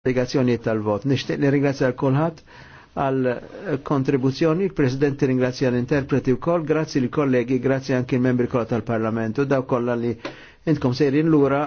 spiegazzjoni tal-vot. Nishtiq nirringrazzja kulħadd għal kontribuzzjoni, il-President ringrazzja l-interpreti wkoll, grazzi l-kollegi, grazzi anki l-membri kollha tal-Parlamentu, daw kolla li intkom sejrin l-ura.